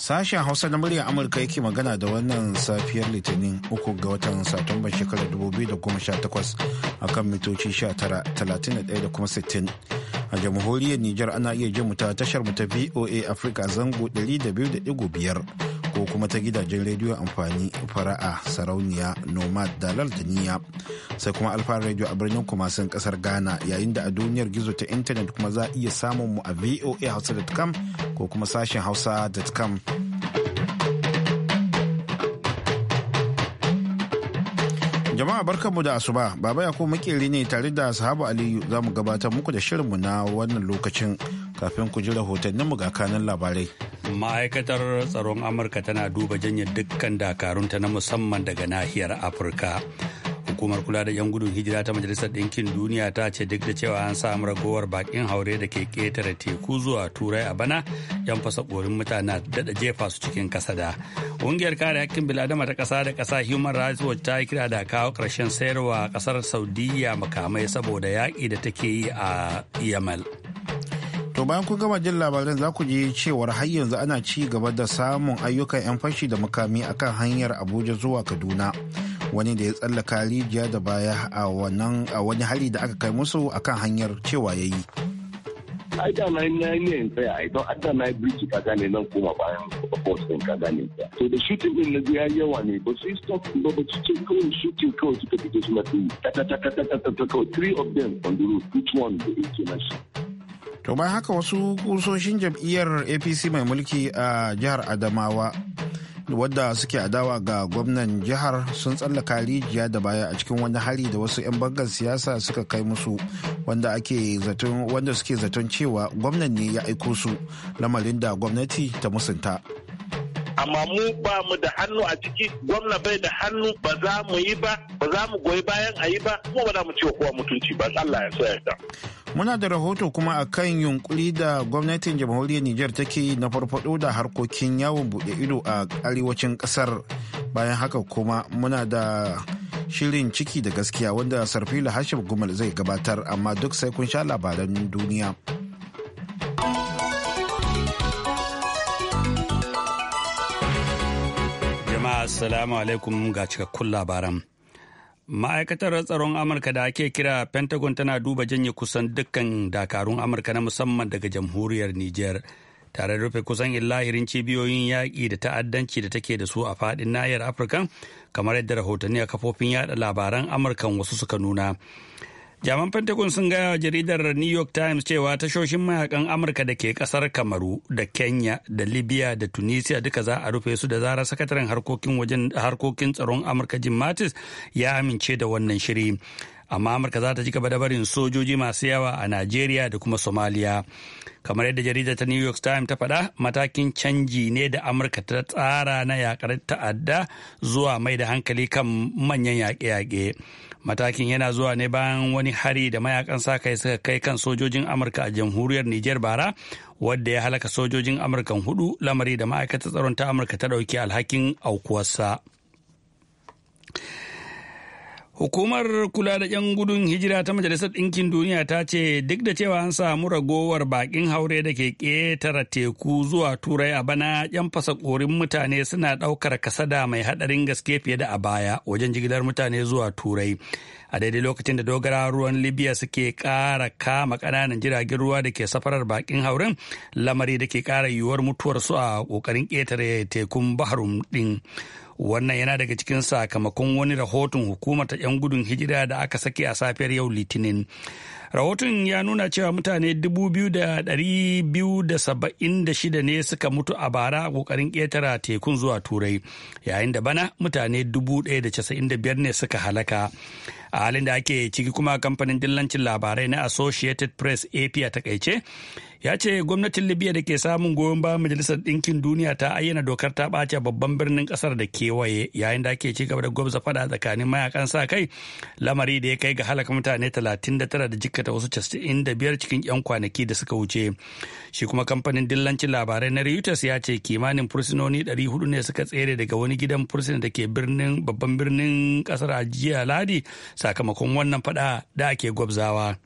Sashen Hausa na muryar Amurka yake magana da wannan safiyar Litinin uku ga watan Satumban shekarar 2018 a kan mitoci 19,31 da kuma 60. A jamhuriyar Nijar ana iya jin mu ta tashar mu ta VOA Africa zango 200.5 ko kuma ta gidajen rediyo amfani fara'a sarauniya nomad da niyya sai kuma alfa rediyo a birnin kumasin kasar ghana yayin da a duniyar gizo ta intanet kuma za a iya samun mu a voa hausa.com ko kuma sashen hausa.com Jama'a barkanmu da asuba, Baba Yakubu makeri ne tare da Sahabu Aliyu za mu gabatar muku da shirinmu na wannan lokacin kafin ku ji rahotanninmu ga kanan labarai. Ma'aikatar tsaron Amurka tana duba janyar dukkan dakarunta na musamman daga nahiyar Afirka. hukumar kula da 'yan gudun hijira ta majalisar ɗinkin duniya ta ce duk da cewa an samu ragowar bakin haure da ke ƙetare teku zuwa turai a bana 'yan fasa ƙorin mutane daɗa jefa su cikin kasada ƙungiyar kare hakkin biladama ta ƙasa da ƙasa human rights watch ta yi kira da kawo ƙarshen sayarwa ƙasar saudiya makamai saboda yaƙi da take yi a yamal to bayan ku gama jin labaran za ku ji cewar har yanzu ana ci gaba da samun ayyukan 'yan fashi da makami akan hanyar abuja zuwa kaduna wani da ya tsallaka rijiya da baya a wani hali da aka kai musu akan hanyar cewa ya yi ai da na na ne in tsaya ai don adda na yi birki ka gane nan kuma bayan boss din ka gane to da shooting ɗin na ya yawa ne ba su stop ba ba su ce kawai shooting kawai suka fito suna tuni ta ta ta ta ta ta kawai three of them on the road each one da yake na to bayan haka wasu kusoshin jam'iyyar apc mai mulki a jihar adamawa wadda suke adawa ga gwamnan jihar sun tsallaka rijiya da baya a cikin wani hari da wasu 'yan bangar siyasa suka kai musu wanda ake zaton wanda suke zaton cewa gwamnan ne ya aiko su lamarin da gwamnati ta musunta amma mu ba mu da hannu a ciki gwamna bai da hannu ba za mu yi ba ba za mu goyi bayan a yi ba kuma ba za mu ce kowa mutunci ba Allah ya so ya Muna da rahoto kuma a kan yunkuri da gwamnatin jamhuriyar Nijar take yi na farfado da harkokin yawon buɗe ido a arewacin ƙasar. Bayan haka kuma muna da shirin ciki da gaskiya wanda Sarfila Hashim Gumal zai gabatar amma duk sai kun sha labaran duniya. Jama'a Assalamu alaikum ga cikakkun labaran. Ma'aikatar tsaron Amurka da ake kira Pentagon tana duba janye kusan dukkan dakarun Amurka na musamman daga jamhuriyar Nijar. Tare da rufe kusan illahirin cibiyoyin yaƙi da ta'addanci da take da su a faɗin nahiyar Afirka, kamar yadda rahotanni a kafofin yada labaran Amurkan wasu suka nuna. jaman pentagon sun gaya wa jaridar new york times cewa tashoshin mayakan amurka da ke kasar kamaru da kenya da libya da tunisia duka za a rufe su da zarar sakataren harkokin wajen harkokin tsaron amurka jim mattis ya amince da wannan shiri amma amurka za ta ji gaba da barin sojoji masu yawa a najeriya da kuma somalia kamar yadda jaridar ta new york times ta faɗa matakin canji ne da amurka ta tsara na yakar ta'adda zuwa mai da hankali kan manyan yaƙe-yaƙe matakin yana zuwa ne bayan wani hari da mayakan sa kai suka kai kan sojojin amurka a jamhuriyar niger bara wadda ya halaka sojojin amurkan hudu lamari da ma'aikatar tsaron ta amurka ta ɗauki alhakin aukuwarsa Hukumar kula da 'yan gudun hijira ta Majalisar Ɗinkin Duniya ta ce duk da cewa an samu ragowar bakin haure da ke ƙetare teku zuwa turai a bana 'yan fasakorin mutane suna ɗaukar kasada mai haɗarin gaske fiye da a baya wajen jigilar mutane zuwa turai. A daidai lokacin da dogara ruwan Libya suke ƙara kama ƙananan jiragen ruwa da ke safarar bakin hauren lamari da ke ƙara yiwuwar mutuwar su a ƙoƙarin ƙetare tekun Bahrum ɗin. wannan yana daga cikin sakamakon wani rahoton hukumar ta 'yan gudun hijira da aka sake a safiyar yau litinin rahoton ya nuna cewa mutane 2,276 ne suka mutu a bara a kokarin ƙetara tekun zuwa turai yayin da bana mutane 1,095 ne suka halaka a halin da ake ciki kuma kamfanin dillancin labarai na associated press ap a takaice ya ce gwamnatin libya da ke samun goyon ba majalisar ɗinkin duniya ta ayyana dokar ta ɓace babban birnin ƙasar da kewaye yayin da ake ci gaba da gwamza fada tsakanin mayakan sa kai lamari da ya kai ga halaka mutane 39 da jikkata wasu 95 cikin 'yan kwanaki da suka wuce shi kuma kamfanin dillancin labarai na reuters ya ce kimanin fursunoni 400 ne suka tsere daga wani gidan fursuna da ke birnin babban birnin ƙasar a jiya ladi sakamakon wannan fada da ake gwabzawa.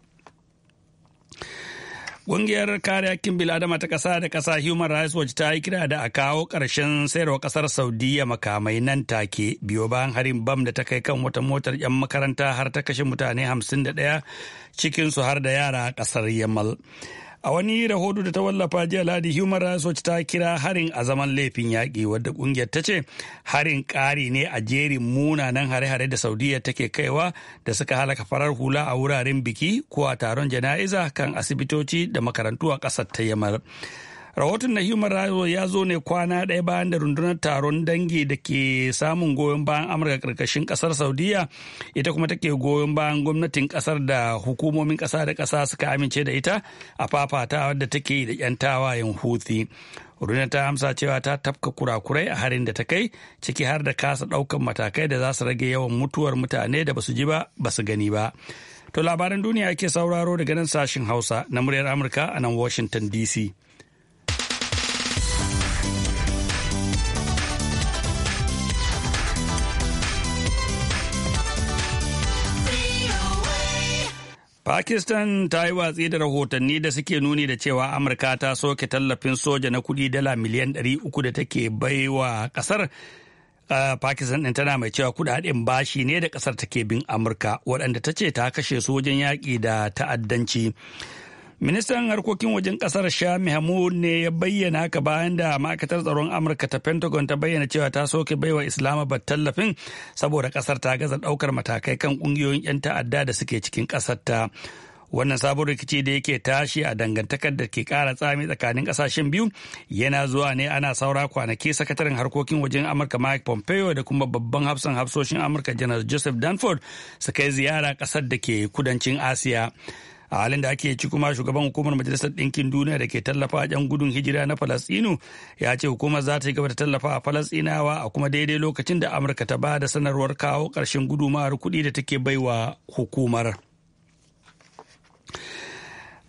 Ƙungiyar kare hakkin biladama ta ƙasa da ƙasa Human Rights Watch ta yi kira da a kawo ƙarshen sayarwa ƙasar Saudiya makamai nan take biyo bayan harin bam da ta kai kan wata motar 'yan makaranta har ta kashe mutane 51 cikinsu har da yara a ƙasar Yamal. A wani rahoto da ta wallafa jiya Ladi Human Rights Watch ta kira harin a zaman laifin yaƙi wadda ƙungiyar ta ce harin ƙari ne a jerin munanan hare-hare da Saudiya take kaiwa da suka halaka farar hula a wuraren biki ko a taron jana'iza kan asibitoci da makarantu a ƙasar ta Yamar. rahoton na human rights ya zo ne kwana ɗaya bayan da rundunar taron dangi da ke samun goyon bayan amurka karkashin ƙasar saudiya ita kuma take goyon bayan gwamnatin ƙasar da hukumomin ƙasa da ƙasa suka amince da ita a fafatawa da take da 'yan tawayen huthi rundunar ta amsa cewa ta tafka kurakurai a harin da ta kai ciki har da kasa ɗaukan matakai da za su rage yawan mutuwar mutane da basu ji ba basu gani ba to labaran duniya ake sauraro daga nan sashin hausa na muryar amurka a nan washington dc Pakistan ta yi watsi da rahotanni da suke nuni da cewa Amurka ta soke tallafin soja na kudi dala miliyan 300 da take baiwa kasar. Pakistan ɗin tana mai cewa kudaden bashi ne da kasar take bin Amurka waɗanda ta ce ta kashe sojan yaƙi da ta'addanci. Ministan harkokin wajen kasar Shami Hamud ne ya bayyana haka bayan da ma'aikatar tsaron Amurka ta Pentagon ta bayyana cewa ta soke baiwa ba tallafin saboda kasar ta gaza daukar matakai kan kungiyoyin 'yan ta'adda da suke cikin kasar ta. Wannan sabon rikici da yake tashi a dangantakar da ke kara tsami tsakanin kasashen biyu yana zuwa ne ana saura kwanaki sakataren harkokin wajen Amurka Mike Pompeo da kuma babban hafsan hafsoshin Amurka Janar Joseph Danford su kai ziyara kasar da ke kudancin Asiya. a halin da ake ci kuma shugaban hukumar majalisar ɗinkin duniya da ke tallafa a 'yan gudun hijira na falastinu ya ce hukumar za ta yi gaba da tallafa a falasɗinawa a kuma daidai lokacin da amurka ta ba da sanarwar kawo ƙarshen gudumawar kuɗi da take baiwa hukumar.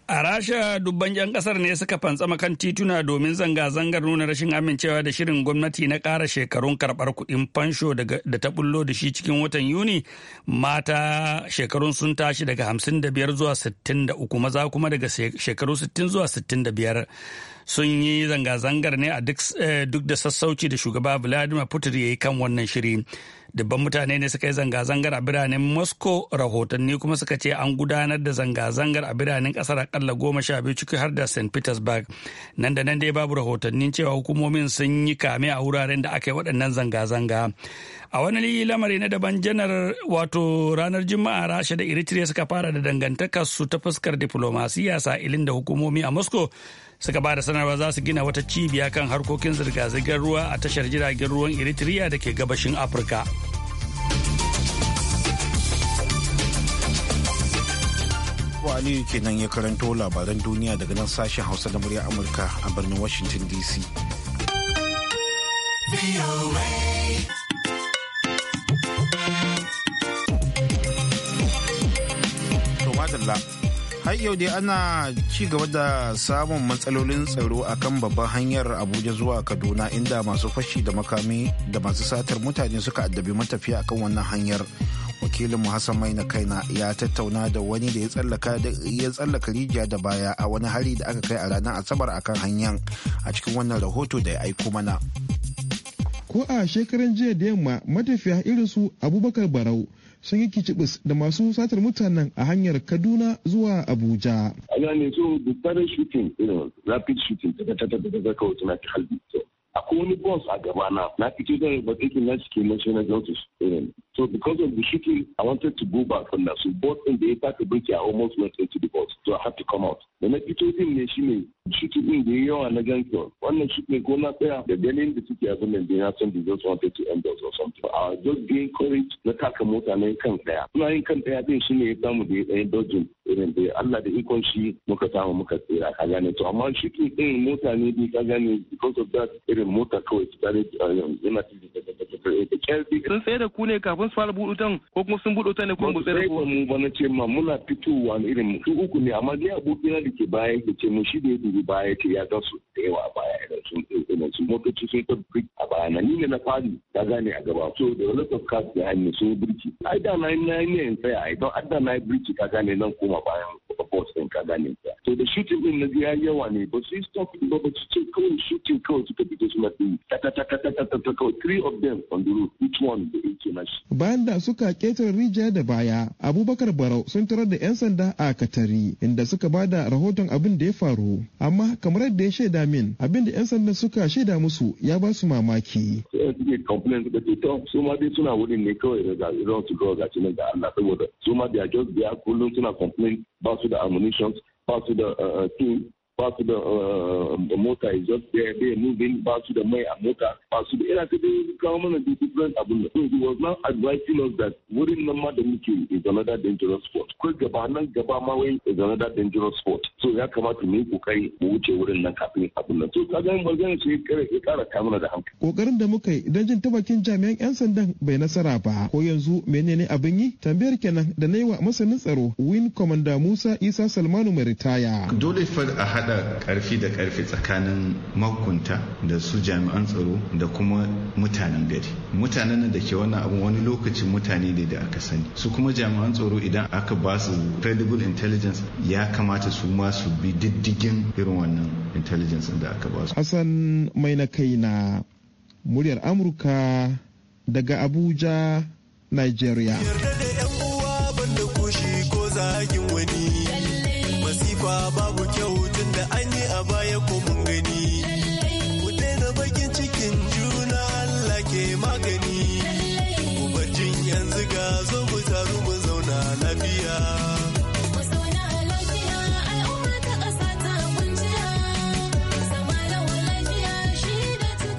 A Rasha dubban 'yan kasar ne suka fantsama kan tituna domin zanga-zangar nuna rashin amincewa da shirin gwamnati na ƙara shekarun karɓar kuɗin fansho da ta bullo da shi cikin watan Yuni mata shekarun sun tashi daga 55 zuwa 63 maza kuma daga shekaru 60 zuwa 65. sun yi zanga-zangar ne a eh, duk da sassauci da shugaba vladimir putin ya yi kan wannan shiri dubban mutane ne suka yi zanga-zangar a biranen moscow rahotanni kuma suka ce an gudanar da zanga-zangar a biranen kasar akalla goma sha biyu ciki har da st petersburg nan da nan dai babu rahotannin cewa hukumomin sun yi kame a wuraren da aka yi waɗannan zanga-zanga a wani lamari na daban janar wato ranar juma'a rasha da eritrea suka fara da dangantakar su ta fuskar diplomasiya sa'ilin da hukumomi a moscow suka ba da sanarwa za su gina wata cibiya kan harkokin zirga-zirgar ruwa a tashar jiragen ruwan eritrea da ke gabashin afirka aliyu kenan ya karanto labaran duniya daga nan sashen hausa da murya amurka a birnin washington dc madalla har yau dai ana ci gaba da samun matsalolin tsaro a kan babban hanyar abuja zuwa kaduna inda masu fashi da makami da masu satar mutane suka addabi matafiya akan wannan hanyar wakilin mu hassan maina kaina ya tattauna da wani da ya tsallaka rijiya da baya a wani hari da aka kai a ranar asabar akan hanyar a cikin wannan rahoto da ya aiko mana ko a shekaran jiya da yamma matafiya irin su abubakar barau sun yi kicibis da masu satar mutanen a hanyar Kaduna zuwa Abuja. Ana ne so da shooting, you know, rapid shooting, daga ta ta zaka ta na tana ta halbi. akwai wani bus a gabana na fito da but taking na cikin national justice irin so because of the shooting i wanted to go back from that so both in the impact of breach i almost went into the bus so i had to come out da na fito din ne shi ne shooting din da yawa na gangster wannan shooting ko na tsaya da ganin da suke abin nan da na san they just wanted to end us or something i was just being courage na taka mota na yin kan tsaya suna yin kan tsaya din shine ya samu da ya tsaye irin dai Allah da ikon shi muka samu muka tsira ka gane to amma shi ke irin mota ne bi ka gane because of that irin mota kawai su tare uh, um, yana cikin da da kyar sun tsaye da ku ne kafin su fara buɗutan ko kuma sun buɗutan ne kuma mu tsaye mu ba na ce ma muna fitowa irin su uku ne amma dai abokina da ke baya ya ce mu shi da ya dubi baya ce ya ga su da yawa a baya irin sun irin su motoci sun ta birki a baya na ni ne na fari ka gane a gaba so da wani of cars hanyar sun birki ai da na yi na yi ne in tsaya ai don adda na yi birki ka gane nan kuma koma bayan bot din ka gane ta to da shooting din na ya yawa ne ba sai stop din ba su ce kawai shooting kawai suka fito suna din ta ta ta ta ta ta ta kawai three of them on the road each one da yake nashi bayan da suka ketare rijiya da baya abubakar barau sun tarar da yan sanda a katari inda suka ba da rahoton abin da ya faru amma kamar yadda ya shaida min abin da yan sanda suka shaida musu ya ba su mamaki suke su ma dai suna wurin ne kawai da zan su ga ga nan da Allah saboda su ma da just biya kullum suna complain equipment, back to the ammunition, back to the uh, uh team, ba su da eh, mota is just there they moving ba su da mai a mota ba su da ina ta dai kawo mana da different abun da so he was advising us that wurin nan ma da muke is another dangerous sport ko gaba nan gaba ma wai is another dangerous sport so ya kamata mu yi kokari mu wuce wurin nan kafin abun nan so ka ga shi kare ya kara kamuna da hankali kokarin da muka yi dan jin ta jami'an yan sandan bai nasara ba ko yanzu menene abin yi tambayar kenan da na wa masanin tsaro win commander Musa Isa Salmanu mai ritaya dole fa a hada karfi da karfi tsakanin makunta da su jami'an tsaro da kuma mutanen gari mutanen da ke wannan abun wani lokacin mutane ne da aka sani su kuma jami'an tsaro idan aka ba su credible intelligence ya kamata su ma su bi diddigin irin wannan intelligence da aka ba su hassan mai na kai na muryar amurka daga abuja nigeria babu kyau da an yi a baya ko mun gani ku daina bakin cikin juna Allah ke magani ku bar jin yanzu ga zo mu taru mu zauna lafiya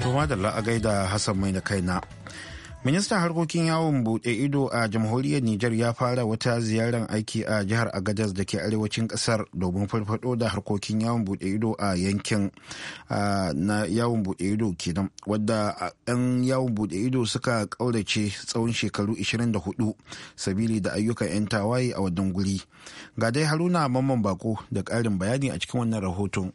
Kuma da la'agai da Hassan mai da kaina ministan harkokin yawon buɗe ido a jamhuriyar niger ya fara wata ziyarar aiki a jihar agadez da ke arewacin ƙasar domin farfado da harkokin yawon buɗe ido a yankin na yawon buɗe ido kenan wadda 'yan yawon buɗe ido suka ƙaurace tsawon shekaru 24 sabili da ayyukan 'yan tawaye a wannan guri ga dai haruna mamman bako da karin bayani a cikin wannan rahoton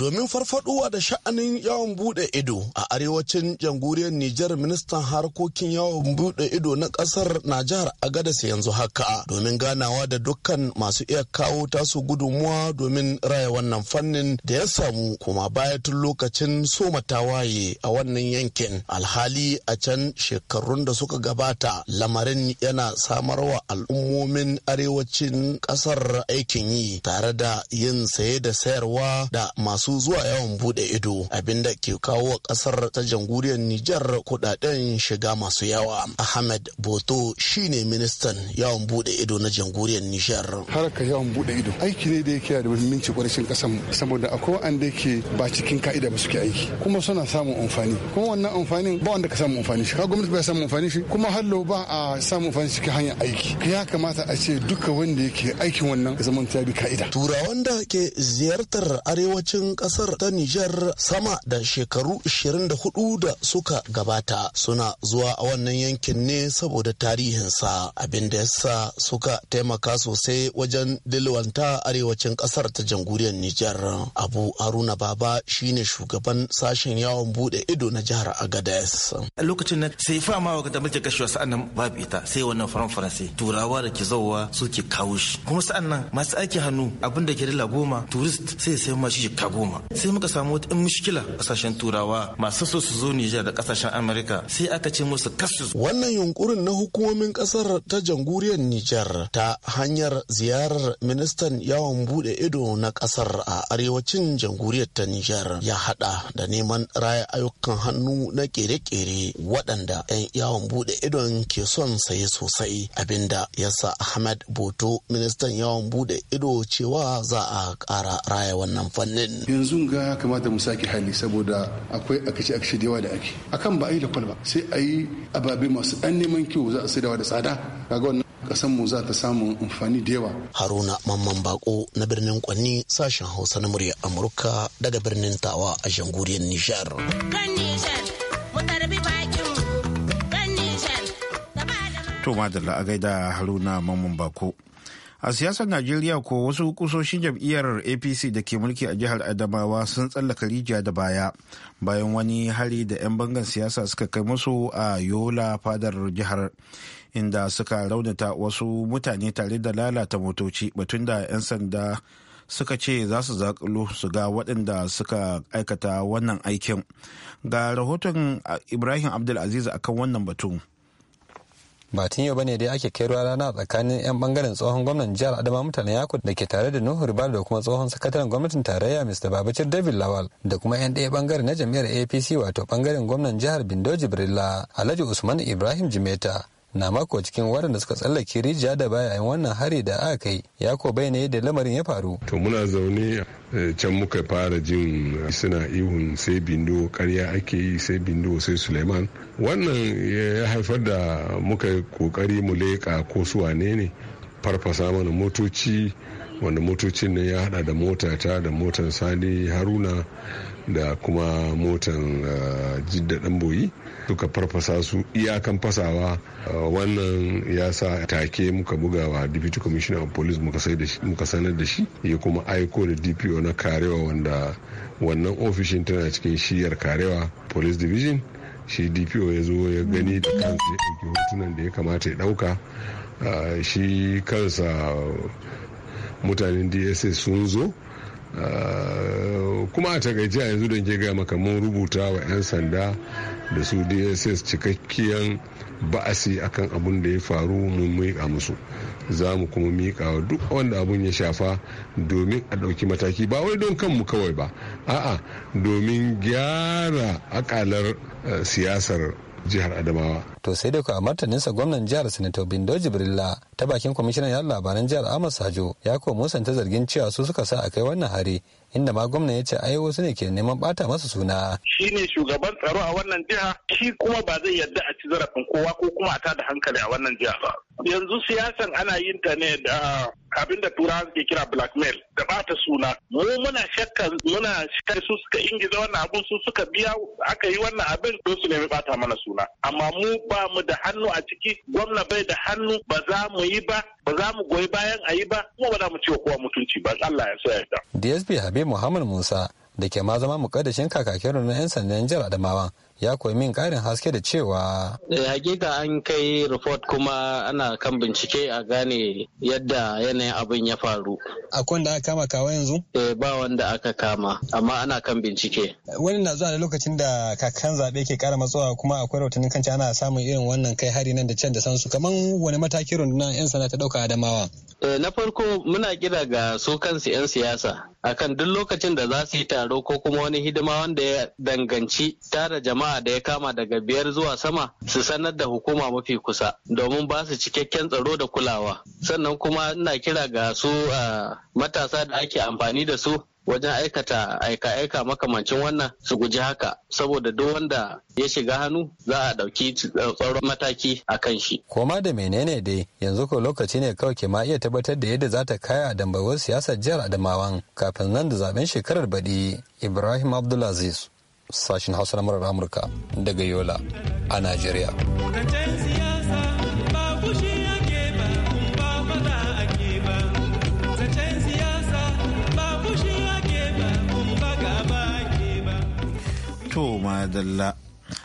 domin farfaduwa da sha'anin yawon bude ido a arewacin jamhuriyar Nijar ministan harkokin yawon bude ido na kasar na jihar Agadas yanzu haka domin ganawa da dukkan masu iya kawo tasu gudunmuwa domin raya wannan fannin da ya samu kuma baya tun lokacin soma tawaye a wannan yankin alhali a can shekarun da suka gabata lamarin yana samar wa al'ummomin arewacin kasar aikin yi tare da yin saye da sayarwa da masu su zuwa yawon bude ido abinda ke kawo wa kasar ta jamhuriyar Nijar kudaden shiga masu yawa. Ahmed Boto shine ministan yawon bude ido na jamhuriyar Nijar. Harkar yawon bude ido aiki ne da yake da muhimmanci kwarishin kasan saboda akwai wanda yake ba cikin ka'ida ba suke aiki kuma suna samun amfani kuma wannan amfanin ba wanda ka samu amfani shi ka gwamnati ba samu amfani shi kuma hallo ba a samu amfani shi hanyar aiki ya kamata a ce duka wanda yake aikin wannan zaman ta bi ka'ida. Turawan da ke ziyartar arewacin kasar ta Nijar sama da shekaru 24 da suka gabata suna zuwa a wannan yankin ne saboda tarihinsa abin da yasa suka taimaka sosai wajen dilwanta arewacin kasar ta jamhuriyar Nijar. Abu Haruna Baba shine shugaban sashen yawon bude ido na jihar Agadez. Lokacin na sai fama wa da muke kashewa sa'an nan babu ita sai wannan faran turawa da ke zauwa suke kawo shi kuma sa'an nan masu aikin hannu abin da ke dala goma turist sai sai ma shi ka goma sai muka samu wata mushkila kasashen turawa masu so su zo Nijar da kasashen Amurka sai aka ce musu kasu wannan yunkurin na hukumomin kasar ta jamhuriyar Nijar ta hanyar ziyarar ministan yawon bude ido na kasar a arewacin jamhuriyar ta Nijar ya hada da neman raya ayyukan hannu na kere-kere waɗanda 'yan yawon bude idon ke son saye sosai abinda ya sa Ahmed Boto ministan yawon bude ido cewa za a ƙara raya wannan fannin. yanzu ga kamata mu sake hali saboda akwai akace akace da yawa da ake akan ba a yi da kwalba sai a yi ababe masu dan neman kiwo za a sai da tsada kaga wannan kasan mu za ta samu amfani da yawa haruna mamman bako na birnin kwanni sashen hausa na murya amurka daga birnin tawa a shanguriyar nishar kan to madalla a gaida haruna mamman bako a siyasar najeriya ko wasu kusoshin jam'iyyar apc da ke mulki a jihar adamawa sun tsallaka rijiya da baya bayan wani hari da 'yan bangan siyasa suka kai musu a yola fadar jihar inda suka raunata wasu mutane tare da lalata motoci batun da 'yan sanda suka ce za su zaƙulo su ga waɗanda suka aikata wannan aikin ga rahoton ibrahim abdulaziz akan wannan batun. ba tun yau bane dai ake kai ruwa rana tsakanin yan bangaren tsohon gwamnan jihar adama mutanen yako da ke tare da nuhu ribar da kuma tsohon sakataren gwamnatin tarayya mr babacir david lawal da kuma yan ɗaya bangare na jam'iyyar apc wato bangaren gwamnan jihar bindo jibrilla alhaji usman ibrahim jimeta na mako cikin waɗanda suka tsallake rijiya da baya yin wannan hari da aka kai ya ko bayyana yadda da lamarin ya faru to muna zaune eh, can muka fara jin eh, suna ihun sai bindo karya ake yi sai bindo sai suleiman wannan ya haifar da muka kokari mu leƙa ko su wane ne farfasa mana motoci wanda motocin nan ya hada da motata da motan sani haruna da kuma motan eh, jidda ɗan boyi Duka farfasa su iyakan fasawa wannan ya sa take muka buga wa deputy commissioner of police muka sanar da shi ya kuma aiko da dpo na karewa wanda wannan ofishin tana cikin shiyar karewa police division shi dpo ya zo ya gani da kansa ya ɗauki hotunan da ya kamata ya ɗauka shi kansa mutanen dss sun zo kuma a takaice yanzu don ke gaya maka mun rubuta wa 'yan sanda da su dss cikakkiyan ba'asi akan abun da ya faru mun miƙa musu za mu kuma miƙa wa duk wanda abun ya shafa domin a ɗauki mataki ba wai don kanmu kawai ba a'a domin gyara akalar eh, siyasar jihar adamawa to sai dai a martaninsa gwamnan jihar sanato bindo jibrilla ta bakin kwamishinan yan labaran jihar ahmad sajo ya ko musanta zargin cewa su suka sa a kai wannan hari inda ma gwamna ya ce ai wasu ne ke neman bata masa suna. Shi ne shugaban tsaro a wannan jiha shi kuma ba zai yarda a ci zarafin kowa ko kuma a ta da hankali a wannan jiha ba. Yanzu siyasan ana yin ta ne da abin da turawa ke kira blackmail da bata suna. Mu muna shakka muna shakka su suka ingiza wannan abun su suka biya aka yi wannan abin don su nemi bata mana suna. Amma mu ba mu da hannu a ciki gwamna bai da hannu ba za mu yi ba ba za mu goyi bayan a yi ba kuma ba za mu ce kowa mutunci ba Allah ya so da. DSP Habib Muhammad Musa da ke ma zama mukaddashin kakakin na 'yan sandan jihar Adamawa ya koyi min karin haske da cewa. Eh, hakika an kai report kuma ana kan bincike a gane yadda yanayin abin ya faru. Akwai wanda aka kama kawai yanzu? Eh ba wanda aka kama amma ana kan bincike. Wani na zuwa da lokacin da kakan zaɓe ke kara matsowa kuma akwai rahotanni kan ana samun irin wannan kai hari nan da can da sansu kaman wani matakin rundunar 'yan sana ta ɗauka Adamawa. Eh, na farko muna kira ga su kansu 'yan siyasa akan duk lokacin da za su yi taro ko kuma wani hidima wanda ya danganci tara jama'a da ya kama daga biyar zuwa sama su sanar da hukuma mafi kusa domin ba su cikakken tsaro da kulawa sannan kuma ina kira ga su ah, matasa da ake amfani da su wajen aikata aika-aika makamancin wannan su guji haka saboda duk wanda ya shiga hannu za a ɗauki tsaron mataki a kan shi. Koma da menene dai yanzu ko lokaci ne kawai ke ma iya tabbatar da yadda za ta kaya a dambawar siyasar jihar Adamawan kafin nan da zaben shekarar baɗi Ibrahim Abdulaziz sashin Hausa na Amurka daga Yola a Najeriya. dalla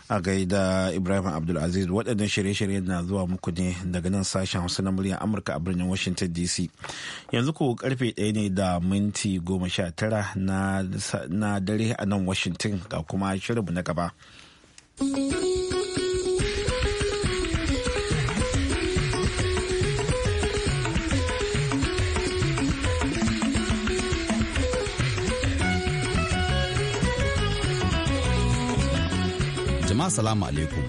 a gaida ibrahim abdulaziz waɗannan shirye shirye na zuwa muku ne daga nan sashen hausa na muryar amurka a birnin washington dc yanzu ko karfe ɗaya ne da minti goma sha tara na dare a nan washington ga kuma shirinmu na gaba. amma alaikum.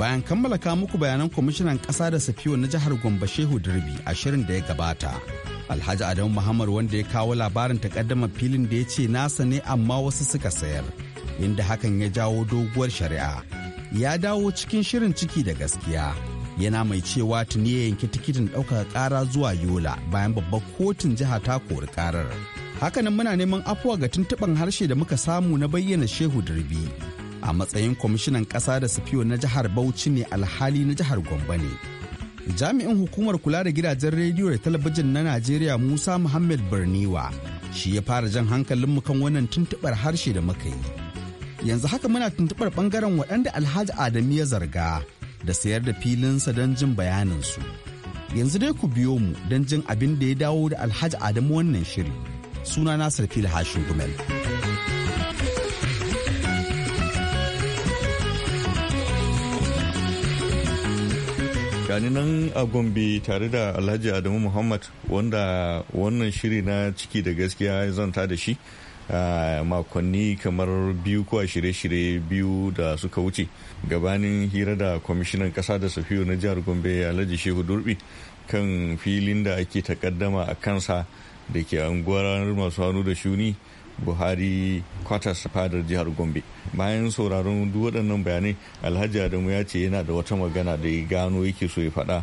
Bayan kammala ka muku bayanan kwamishinan ƙasa da safiyo na jihar Gombe Shehu Darbi a shirin da ya gabata. Alhaji Adamu Muhammad wanda ya kawo labarin ta takaddama filin da ya ce nasa ne amma wasu suka sayar. Inda hakan ya jawo doguwar shari'a. Ya dawo cikin shirin ciki da gaskiya. yana mai cewa tuni ya yanki tikitin ɗaukaka ƙara zuwa yola bayan babbar kotun jiha ta kori ƙarar hakanan muna neman afuwa ga tuntuɓan harshe da muka samu na bayyana shehu darbi a matsayin kwamishinan ƙasa da safiyo na jihar bauchi ne alhali na jihar gombe ne jami'in hukumar kula da gidajen rediyo da talabijin na najeriya musa muhammad birniwa shi ya fara jan hankalin mu kan wannan tuntuɓar harshe da muka yi yanzu haka muna tuntuɓar bangaren waɗanda alhaji adamu ya zarga da sayar da filinsa don jin bayanin su. yanzu dai ku biyo mu don jin abin da ya dawo da alhaji adamu wannan shiri suna nasir fil hashin gumel. gani nan a gombe tare da alhaji adamu muhammad wanda wannan shiri na ciki da gaskiya zanta da shi makonni kamar biyu ko shirye-shirye biyu da suka wuce gabanin hira da kwamishinan kasa da safiyo na jihar gombe alhaji shehu durbi kan filin da ake takaddama a kansa da ke anguwar masu hannu da shuni buhari kwatas fadar jihar gombe bayan sauraron duk waɗannan bayanai alhaji adamu ya ce yana da wata magana da ya gano yake so ya faɗa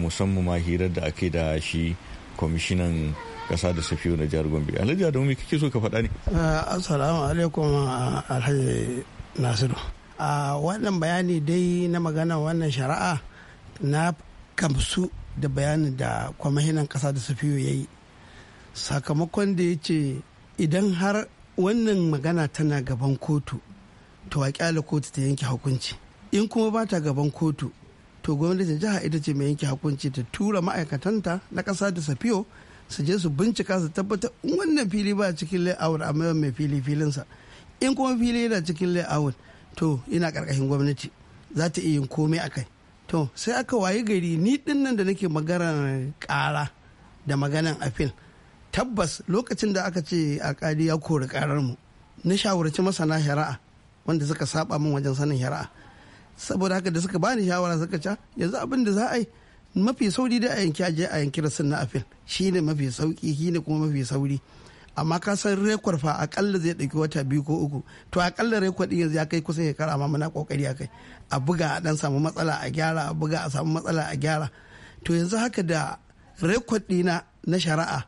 musamman ma hirar da ake da shi kwamishinan ƙasa da safiyo na jihar gombe alhaji adamu me kake so ka faɗa ne assalamu alaikum alhaji nasiru a wannan bayani dai na magana wannan shari'a na kamsu da bayanin da kwamishinan ƙasa da safiyo ya yi sakamakon da ya ce idan har wannan magana tana gaban kotu to a kyala kotu ta yanke hukunci in kuma ba ta gaban kotu to gwamnatin jiha ita ce mai yanke hukunci ta tura ma'aikatanta na kasa da safiyo su je su bincika su tabbatar wannan fili ba cikin layout amma mai fili filinsa in kuma fili yana cikin layout to ina karkashin gwamnati za ta iya yin komai a kai to sai aka wayi gari ni ɗin da nake magana ƙara da maganan afil tabbas lokacin da aka ce alkali ya kori karar mu na shawarci masana shari'a wanda suka saba min wajen sanin shari'a saboda haka da suka bani shawara suka ca yanzu abin da za a yi mafi sauri da a yanki je a yanki da na afil shine mafi sauki shine kuma mafi sauri amma ka san rekord fa akalla zai ɗauki wata biyu ko uku to akalla rekord ɗin yanzu ya kai kusan shekara amma muna kokari a kai a buga a dan samu matsala a gyara a buga a samu matsala a gyara to yanzu haka da rekord ɗina na shari'a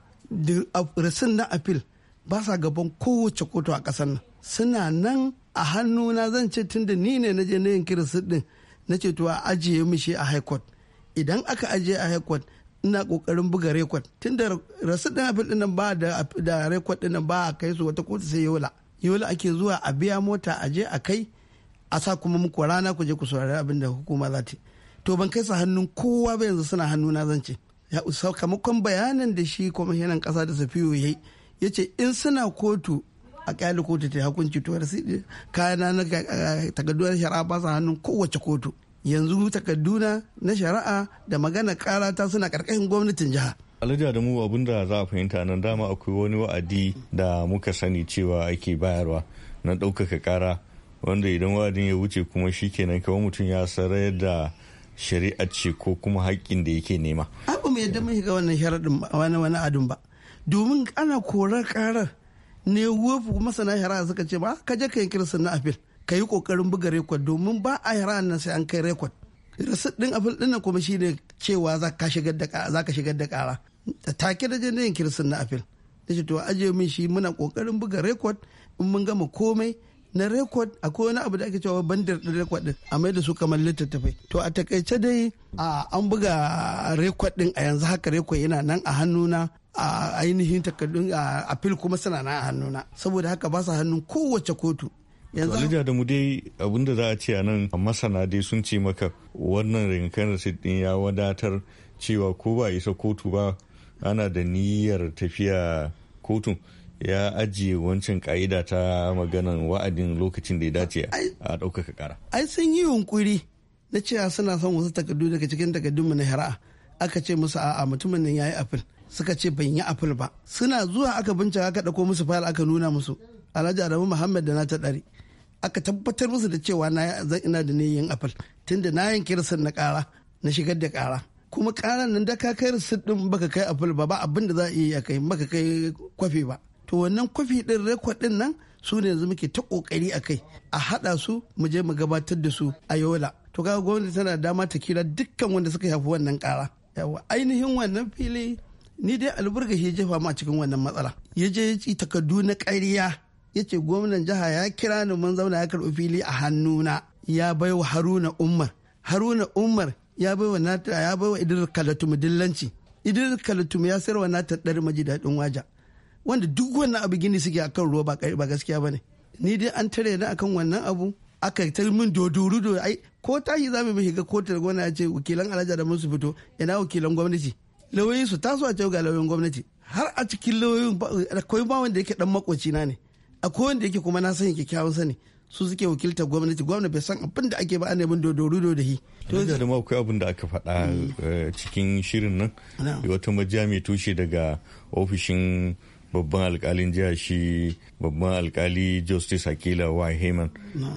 sun na apil ba sa gaban kowace kotu a ƙasar nan suna nan a hannu hannuna zan ce tun da ni ne na je na yanki rasit din na ce to a ajiye mishi a high court idan aka ajiye a high court ina kokarin buga record tun da rasit din apil din ba da da record din ba a kai su wata kotu sai yola yola ake zuwa a biya mota a je a kai a sa kuma muku rana ku je ku saurari abin da hukuma za ta to ban kai su hannun kowa ba yanzu suna hannuna zan ce ya sakamakon bayanan da shi kwamishinan kasa da safiyo ya yi ya ce in suna kotu a kyale kotu ta hukunci to kayana na takarduna shari'a ba sa hannun kowace kotu yanzu takarduna na shari'a da magana karata suna karkashin gwamnatin jiha alhaji adamu abin da za a fahimta nan dama akwai wani wa'adi da muka sani cewa ake bayarwa na ɗaukaka kara wanda idan wa'adin ya wuce kuma shi shikenan kawai mutum ya sarar da shari'ar ce ko kuma haƙƙin da yake nema. Abu mai yadda mun shiga wannan sharaɗin wani wani adun ba. Domin ana korar karar ne wofu masana shari'a suka ce ba ka je ka yanki na afil ka yi ƙoƙarin buga rekod domin ba a shari'a nan sai an kai rekod. Rasu ɗin afil ɗin nan kuma ne cewa za ka shigar da ƙara. Take da je na yanki rasin na afil. Da shi to ajiye min shi muna ƙoƙarin buga rekod in mun gama komai na rekod akwai wani abu da ake cewa bandar din rekod din a mai da su kamar littattafai to a takaice dai an buga rekod din a yanzu haka rekod yana nan a hannuna a ainihin takardun a fil kuma suna nan a hannuna saboda haka ba su hannun kowace kotu yanzu da da mu dai abinda za a ce a nan masana dai sun ce maka wannan rinkan rasit din ya wadatar cewa ko ba isa kotu ba ana da niyyar tafiya kotun ya ajiye wancan ka'ida ta maganan wa'adin lokacin da ya dace a ɗaukaka ƙara. Ai sun yi yunkuri na cewa suna son wasu takardu daga cikin takardunmu na hira'a aka ce musu a'a mutumin nan ya yi apil suka ce ban yi apil ba suna zuwa aka bincika aka ɗauko musu fayil aka nuna musu alhaji adamu muhammad da na ta ɗari aka tabbatar musu da cewa na zan ina da yin apil tunda na yanke rasin na ƙara na shigar da ƙara kuma ƙaran nan da ka kai rasin ɗin baka kai apil ba ba abin da za a iya kai baka kai kwafi ba to wannan kwafi ɗin rekod ɗin nan su ne yanzu muke ta ƙoƙari a kai a haɗa su mu je mu gabatar da su a yola to kaga gwamnati tana dama ta kira dukkan wanda suka shafi wannan ƙara yawa ainihin wannan fili ni dai alburga shi jefa mu a cikin wannan matsala ya je ya ci takardu na ƙarya ya ce gwamnan jiha ya kira ni mun zauna ya karɓi fili a hannuna ya bai wa haruna umar haruna umar ya bai wa nata ya bai wa idris kalatum dillanci idris kalatum ya wa nata ɗari maji daɗin waja wanda duk wannan abu gini suke akan ruwa ba ba gaskiya ba ne ni dai an tare ni akan wannan abu aka ta min doduru do ai ko yi za mu shiga da ya ce wakilan alhaji da mun su fito ina wakilan gwamnati lauyoyin su taso a cewa ga lauyoyin gwamnati har a cikin lauyoyin akwai ba wanda yake dan makwaci na ne akwai wanda yake kuma na sani kyakkyawan sani su suke wakiltar gwamnati gwamnati bai san abin da ake ba ana bin dodoru do da shi to da ma akwai abin da aka faɗa mm. eh, cikin shirin nan wata majami tushe daga ofishin babban alkalin jiha shi babban alkali justice akila wa heman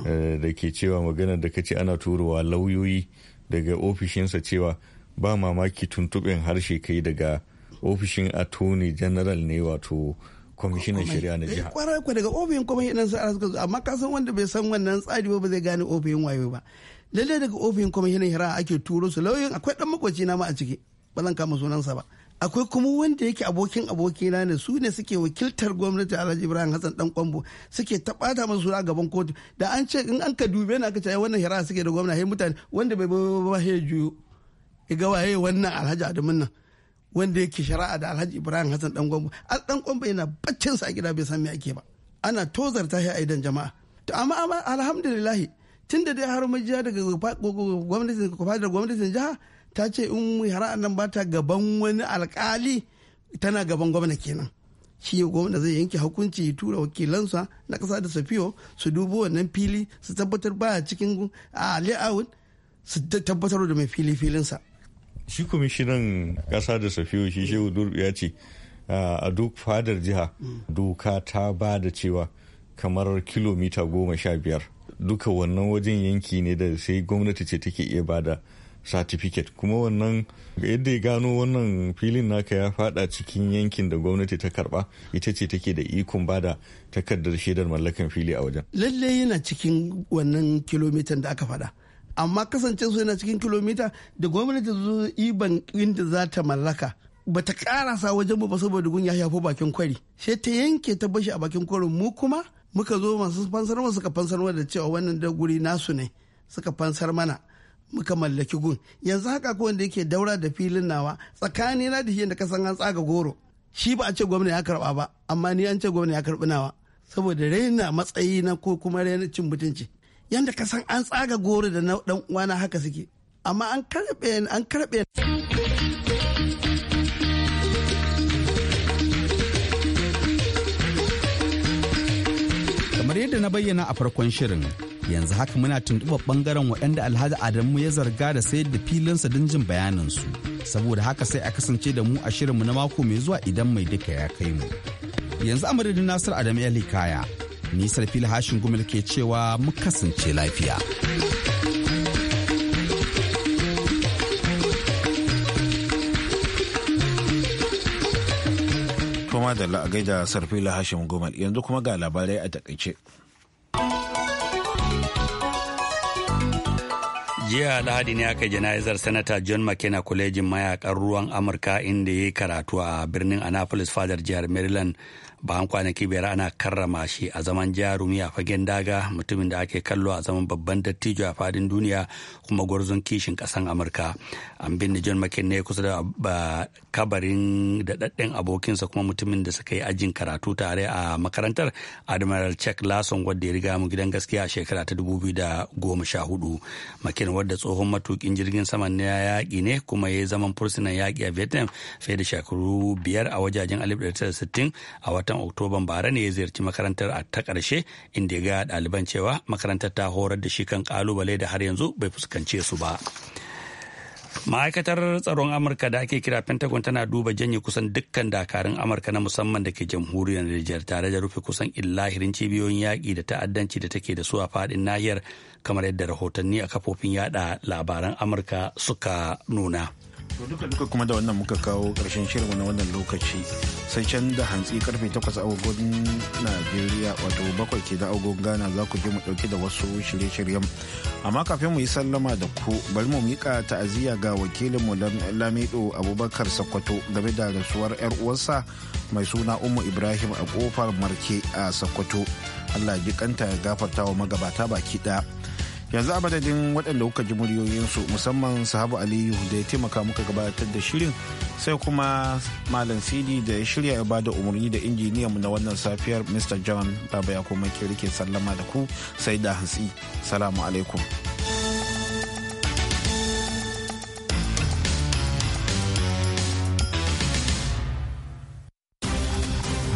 eh, da ke cewa maganar da ka ce ana turowa lauyoyi daga ofishinsa cewa ba mamaki tuntuɓin harshe kai daga ofishin attorney general ne wato kwamishinan shari'a na eh, jiha. Kwarai kwa daga ofishin kwamishinan shari'a suka zo amma ka san wanda bai san wannan tsari ba ba zai gane ofishin wayo ba. Lallai daga ofishin kwamishinan shari'a ake turo su lauyoyin akwai dan makwaci na ma a ciki ba zan kama sunansa ba. akwai kuma wanda yake abokin abokina ne su ne suke wakiltar gwamnati alhaji ibrahim hassan dan kwambo suke ta bata masu a gaban kotu da an ce in an ka dube na ka ce wannan hira suke da gwamnati. mutane wanda bai ba he juyo ga waye wannan alhaji adamun nan wanda yake shari'a da alhaji ibrahim hassan dan kwambo al dan kwambo yana baccin sa a gida bai san me ake ba ana tozarta shi a idan jama'a to amma alhamdulillah tunda dai har majiya daga gwamnati gwamnatin jiha ta ce in har nan ba ta gaban wani alkali tana gaban gwamna kenan shi gwamna zai yanke hukunci ya tura wakilansa na kasa da safiyo su dubo wannan fili su tabbatar baya cikin a su tabbatar da mai fili filinsa shi kwamishinan kasa da safiyo shi shehu durbi ya ce a duk fadar jiha doka ta ba da cewa kamar kilomita goma sha biyar duka wannan wajen yanki ne da sai gwamnati ce take iya bada satifiket kuma wannan yadda ya gano wannan filin naka ya fada cikin yankin da gwamnati ta karba ita ce take da ikon bada takardar shaidar mallakan fili a wajen lalle yana cikin wannan kilomitan da aka fada amma kasance su yana cikin kilomita da gwamnati zo iban inda za ta mallaka bata karasa wajen ba saboda gun ya shafo bakin kwari sai ta yanke ta bashi a bakin kwarin mu kuma muka zo masu fansar suka fansar da cewa wannan da guri nasu ne suka fansar mana muka mallaki gun yanzu haka ko wanda yake daura da filin nawa tsakani na da shi da kasan an tsaga goro shi ba a ce gwamna ya karba ba amma ni an ce gwamna ya karbi nawa saboda raina matsayi na ko kuma raina cin mutunci yanda kasan an tsaga goro da na dan uwana haka suke amma an karbe an karbe kamar yadda na bayyana a farkon shirin yanzu haka muna tuntuɓa ɓangaren waɗanda alhaji adamu ya zarga da sayar da filin sa don jin su saboda haka sai a kasance da mu a shirin mu na mako mai zuwa idan mai duka ya kai mu yanzu a madadin nasir adamu ya kaya nisar fil hashin gumil ke cewa mu kasance lafiya kuma da la'agai da sarfila hashim gomal yanzu kuma ga labarai a takaice. jiya lahadi ne aka jana'izar sanata john mckenna kwalejin mayakan ruwan amurka inda ya yi karatu a birnin annapolis fadar jihar maryland bayan kwanaki biyar ana karrama shi a zaman jarumi a fagen daga mutumin da ake kallo a zaman babban dattijo a fadin duniya kuma gwarzon kishin kasan amurka an binne john mccain ne kusa da kabarin daɗaɗɗen abokinsa kuma mutumin da suka yi ajin karatu tare a makarantar admiral chuck lasson wadda ya riga mu gidan gaskiya a shekara ta hudu mccain wadda tsohon matukin jirgin saman na yaƙi ne kuma ya yi zaman fursunan yaƙi a vietnam fiye da shekaru biyar a wajajen 1960 a wata watan oktoban bara ne ya ziyarci makarantar a ta karshe inda ya ga ɗaliban cewa makarantar ta horar da shi kan kalubale da har yanzu bai fuskance su ba. ma'aikatar tsaron amurka da ake kira pentagon tana duba janye kusan dukkan dakarun amurka na musamman da ke jamhuriyar nijar tare da rufe kusan illahirin cibiyoyin yaƙi da ta'addanci da take da su a fadin nahiyar kamar yadda rahotanni a kafofin yada labaran amurka suka nuna. duka kuma da wannan muka kawo karshen shirin na wannan lokaci sai can da hantsi karfe 8 agogon najeriya wato bakwai ke da agogon ghana za ku je mu dauke da wasu shirye-shiryen amma kafin mu yi sallama da ku bari mu miƙa ta'aziyya ga wakilin mu lamido abubakar sakkwato game da rasuwar yar uwarsa mai suna ummu ibrahim a kofar marke a sakkwato allah ya ji kanta ya gafarta wa magabata baki ɗaya yanzu a madadin waɗanda kuka ji muryoyinsu musamman sahabu aliyu da ya taimaka muka gabatar da shirin sai kuma malam sidi da ya shirya ya bada umarni da injiniyanmu na wannan safiyar mr john baba ya kuma ke sallama da ku sai da hantsi salamu alaikum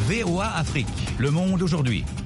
VOA Afrique. Le monde aujourd'hui.